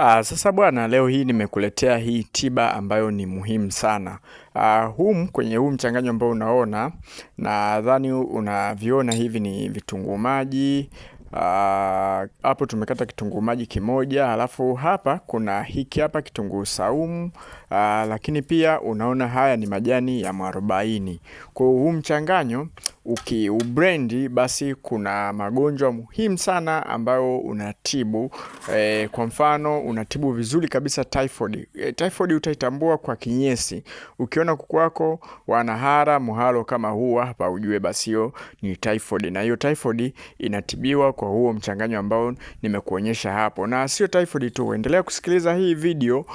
Aa, ah, sasa bwana, leo hii nimekuletea hii tiba ambayo ni muhimu sana. Uh, hum kwenye huu mchanganyo ambao unaona, nadhani unaviona hivi ni vitunguu maji ah, hapo. Uh, tumekata kitunguu maji kimoja, alafu hapa kuna hiki hapa kitunguu saumu. Uh, lakini pia unaona haya ni majani ya mwarobaini. Kwa huu mchanganyo ukiubrendi basi kuna magonjwa muhimu sana ambayo unatibu. E, kwa mfano unatibu vizuri kabisa typhoid. E, typhoid utaitambua kwa kinyesi. Ukiona kuku wako wanahara muhalo kama huu hapa, ujue basi hiyo ni typhoid, na hiyo typhoid inatibiwa kwa huo mchanganyo ambao nimekuonyesha hapo. Na sio typhoid tu, endelea kusikiliza hii video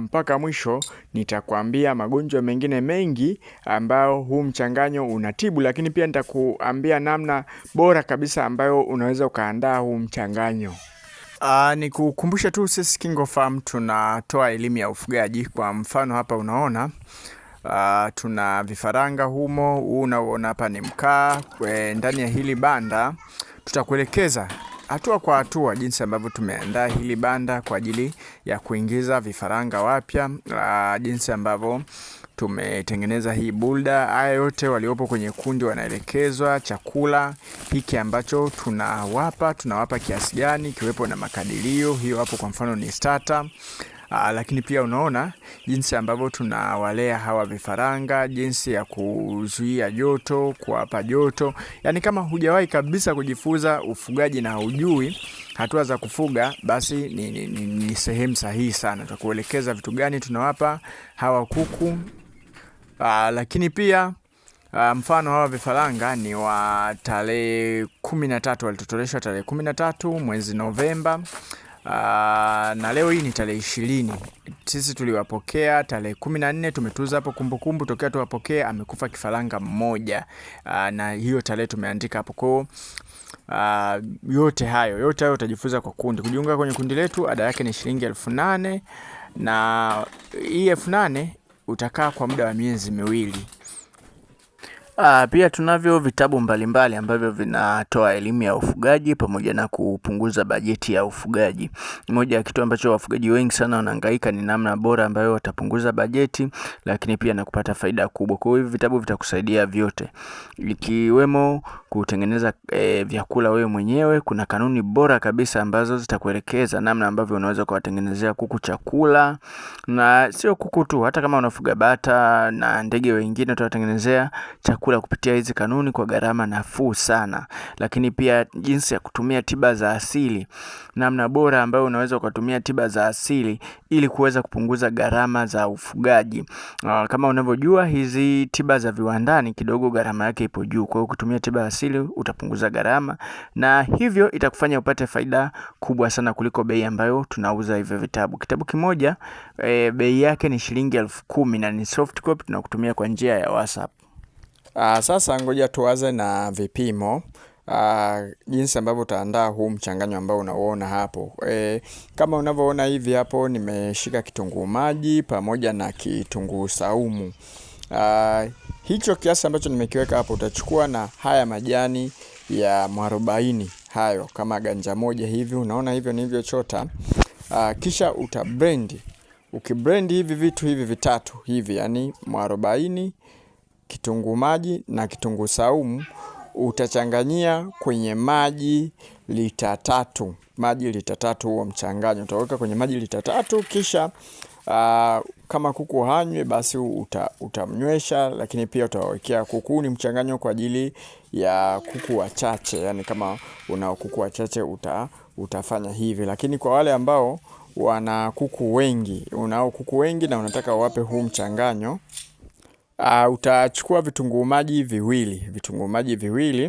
mpaka mwisho. Nitakwambia magonjwa mengine mengi ambayo huu mchanganyo unatibu, lakini pia nitakuambia namna bora kabisa ambayo unaweza ukaandaa huu mchanganyo. Uh, ah, ni kukumbusha tu sisi KingoFarm tunatoa elimu ya ufugaji. Kwa mfano hapa unaona uh, tuna vifaranga humo. Huu unaoona hapa ni mkaa. Ndani ya hili banda tutakuelekeza hatua kwa hatua jinsi ambavyo tumeandaa hili banda kwa ajili ya kuingiza vifaranga wapya, jinsi ambavyo tumetengeneza hii bulda. Haya yote waliopo kwenye kundi wanaelekezwa, chakula hiki ambacho tunawapa tunawapa kiasi gani, ikiwepo na makadirio. Hiyo hapo kwa mfano ni starter Aa, ah, lakini pia unaona jinsi ambavyo tunawalea hawa vifaranga, jinsi ya kuzuia joto, kuwapa joto. Yaani kama hujawahi kabisa kujifunza ufugaji na hujui hatua za kufuga, basi ni, ni, ni, ni sehemu sahihi sana tutakuelekeza vitu gani tunawapa hawa kuku. Aa, ah, lakini pia Uh, mfano hawa vifaranga ni wa tarehe kumi na tatu walitotoleshwa tarehe kumi na tatu mwezi Novemba Ah, na leo hii ni tarehe ishirini. Sisi tuliwapokea tarehe kumi na nne, tumetuza hapo kumbukumbu tokea tuwapokee. Amekufa kifaranga mmoja ah, na hiyo tarehe tumeandika hapo kwao. Uh, ah, yote hayo yote hayo utajifunza kwa kundi. Kujiunga kwenye kundi letu, ada yake ni shilingi elfu nane na hii elfu nane utakaa kwa muda wa miezi miwili. Ah, pia tunavyo vitabu mbalimbali ambavyo vinatoa elimu ya ufugaji pamoja na kupunguza bajeti ya ufugaji moja ya kitu ambacho wafugaji wengi sana wanahangaika ni namna bora ambayo watapunguza bajeti Lakini pia na kupata faida kubwa kwa hivi vitabu vitakusaidia vyote Ikiwemo kutengeneza eh, vyakula wewe mwenyewe Kuna kanuni bora kabisa ambazo zitakuelekeza namna ambavyo unaweza kuwatengenezea kuku chakula na sio kuku tu hata kama unafuga bata na ndege wengine utawatengenezea chakula chakula kupitia hizi kanuni kwa gharama nafuu sana, lakini pia jinsi ya kutumia tiba za asili, namna bora ambayo unaweza ukatumia tiba za asili ili kuweza kupunguza gharama za ufugaji. Ah, kama unavyojua hizi tiba za viwandani kidogo gharama yake ipo juu, kwa hiyo ukitumia tiba asili utapunguza gharama, na hivyo itakufanya upate faida kubwa sana kuliko bei ambayo tunauza hivyo vitabu. Kitabu kimoja e, bei yake ni shilingi elfu kumi na ni soft copy tunakutumia kwa njia ya WhatsApp. Uh, sasa ngoja tuanze na vipimo. Uh, jinsi ambavyo utaandaa huu mchanganyo ambao unauona hapo. E, kama unavyoona hivi hapo nimeshika kitunguu maji pamoja na kitunguu saumu. Uh, hicho kiasi ambacho nimekiweka hapo utachukua na haya majani ya mwarobaini hayo kama ganja moja hivi, unaona hivyo nilivyochota. Uh, kisha utabrendi. Ukibrendi hivi vitu hivi vitatu hivi, yani mwarobaini kitunguu maji na kitunguu saumu utachanganyia kwenye maji lita tatu. Maji lita tatu, huo mchanganyo utaweka kwenye maji lita tatu, kisha Uh, kama kuku hanywe basi uta, utamnywesha, lakini pia utawawekea kuku. Ni mchanganyo kwa ajili ya kuku wachache, yani kama una kuku wachache uta, utafanya hivi, lakini kwa wale ambao wana kuku wengi, unao kuku wengi na unataka uwape huu mchanganyo Uh, utachukua vitunguu maji viwili, vitunguu maji viwili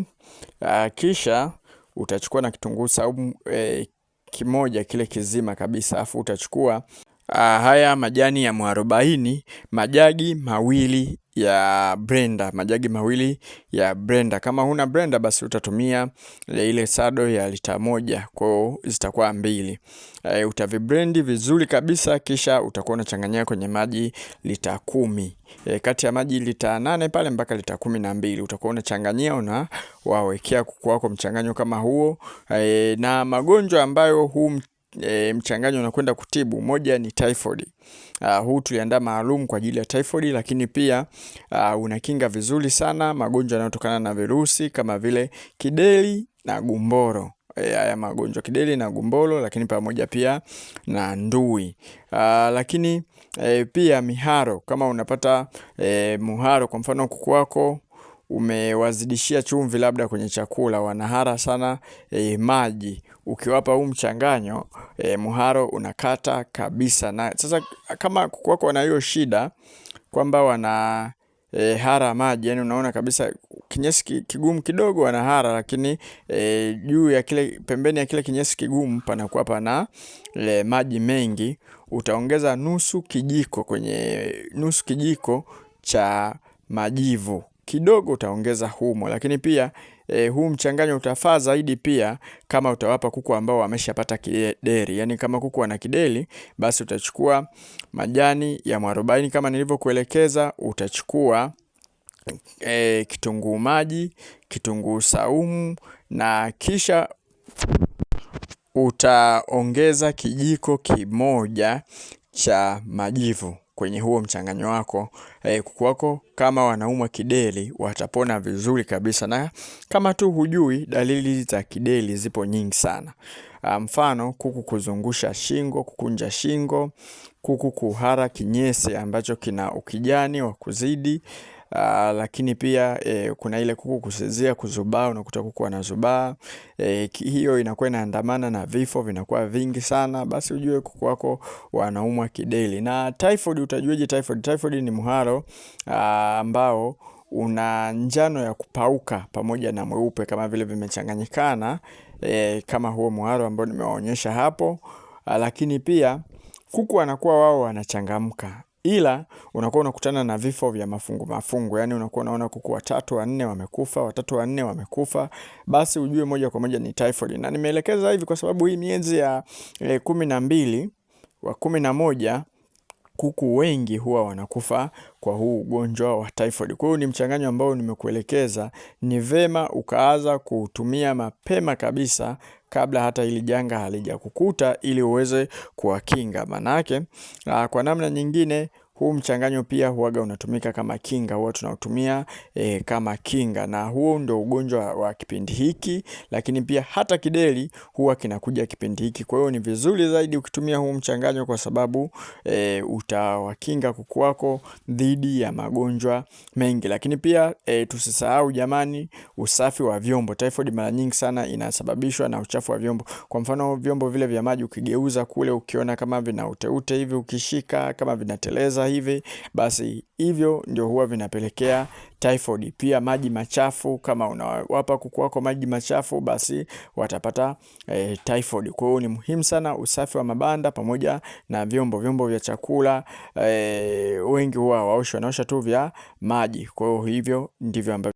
uh, kisha utachukua na kitunguu saumu eh, kimoja kile kizima kabisa, alafu utachukua uh, haya majani ya mwarobaini majagi mawili ya blender, majagi mawili ya blender. Kama huna blender, basi utatumia ile sado ya lita moja, kwa zitakuwa mbili. E, eh, utaviblendi vizuri kabisa, kisha utakuwa unachanganyia kwenye maji lita kumi. E, kati ya maji lita nane pale mpaka lita kumi na mbili utakuwa unachanganyia una wawekea kuku wako mchanganyo kama huo. E, na magonjwa ambayo huu e, mchanganyo unakwenda kutibu. Moja ni typhoid. Uh, huu tuliandaa maalum kwa ajili ya typhoid, lakini pia uh, unakinga vizuri sana magonjwa yanayotokana na virusi kama vile kideli na gumboro e, haya magonjwa kideli na gumboro, lakini pamoja pia na ndui. Aa, lakini e, pia miharo kama unapata e, muharo kwa mfano kuku wako umewazidishia chumvi labda kwenye chakula, wanahara sana e, maji. Ukiwapa huu mchanganyo e, muharo unakata kabisa. Na sasa kama kwako na hiyo shida kwamba wana E, hara maji yani, unaona kabisa kinyesi kigumu kidogo wanahara, lakini e, juu ya kile pembeni ya kile kinyesi kigumu panakuwa pana e, maji mengi. Utaongeza nusu kijiko kwenye nusu kijiko cha majivu kidogo utaongeza humo, lakini pia e, huu mchanganyo utafaa zaidi pia kama utawapa kuku ambao wameshapata kideri. Yani kama kuku wana kideri, basi utachukua majani ya mwarobaini kama nilivyokuelekeza, utachukua e, kitunguu maji, kitunguu saumu na kisha utaongeza kijiko kimoja cha majivu kwenye huo mchanganyo wako eh, kuku wako kama wanaumwa kideli watapona vizuri kabisa, na kama tu hujui, dalili za kideli zipo nyingi sana. Ah, mfano, kuku kuzungusha shingo, kukunja shingo, kuku kuhara kinyesi ambacho kina ukijani wa kuzidi uh, lakini pia e, kuna ile kuku kuzizia kuzubaa, unakuta kuku anazubaa e, hiyo inakuwa inaandamana na vifo vinakuwa vingi sana, basi ujue kuku wako wanaumwa kideli. Na typhoid, utajueje typhoid? Typhoid ni mharo ah, ambao uh, una njano ya kupauka pamoja na mweupe kama vile vimechanganyikana e, kama huo mharo ambao nimewaonyesha hapo, ah, lakini pia kuku wanakuwa wao wanachangamka ila unakuwa unakutana na vifo vya mafungu mafungu, yani unakuwa unaona kuku watatu wanne wamekufa, watatu wanne wamekufa, basi ujue moja kwa moja ni typhoid. Na nimeelekeza hivi kwa sababu hii miezi ya e, kumi na mbili wa kumi na moja kuku wengi huwa wanakufa kwa huu ugonjwa wa typhoid. Kwa hiyo ni mchanganyo ambao nimekuelekeza, ni vema ukaanza kuutumia mapema kabisa kabla hata hili janga halijakukuta ili uweze kuwakinga. Manake ah, kwa namna nyingine huu mchanganyo pia huaga unatumika kama kinga, huwa tunautumia e, kama kinga, na huo ndio ugonjwa wa kipindi hiki, lakini pia hata kideri huwa kinakuja kipindi hiki. Kwa hiyo ni vizuri zaidi ukitumia huu mchanganyo kwa sababu e, utawakinga kuku wako dhidi ya magonjwa mengi, lakini pia e, tusisahau jamani, usafi wa vyombo. Typhoid mara nyingi sana inasababishwa na uchafu wa vyombo. Kwa mfano vyombo vile vya maji ukigeuza kule, ukiona kama vina uteute hivi, ukishika kama vinateleza hivi, basi hivyo ndio huwa vinapelekea typhoid. Pia maji machafu, kama unawapa kuku wako maji machafu, basi watapata e, typhoid. Kwa hiyo ni muhimu sana usafi wa mabanda pamoja na vyombo vyombo vya chakula e, wengi huwa waoshi wanaosha tu vya maji. Kwa hiyo hivyo ndivyo ambavyo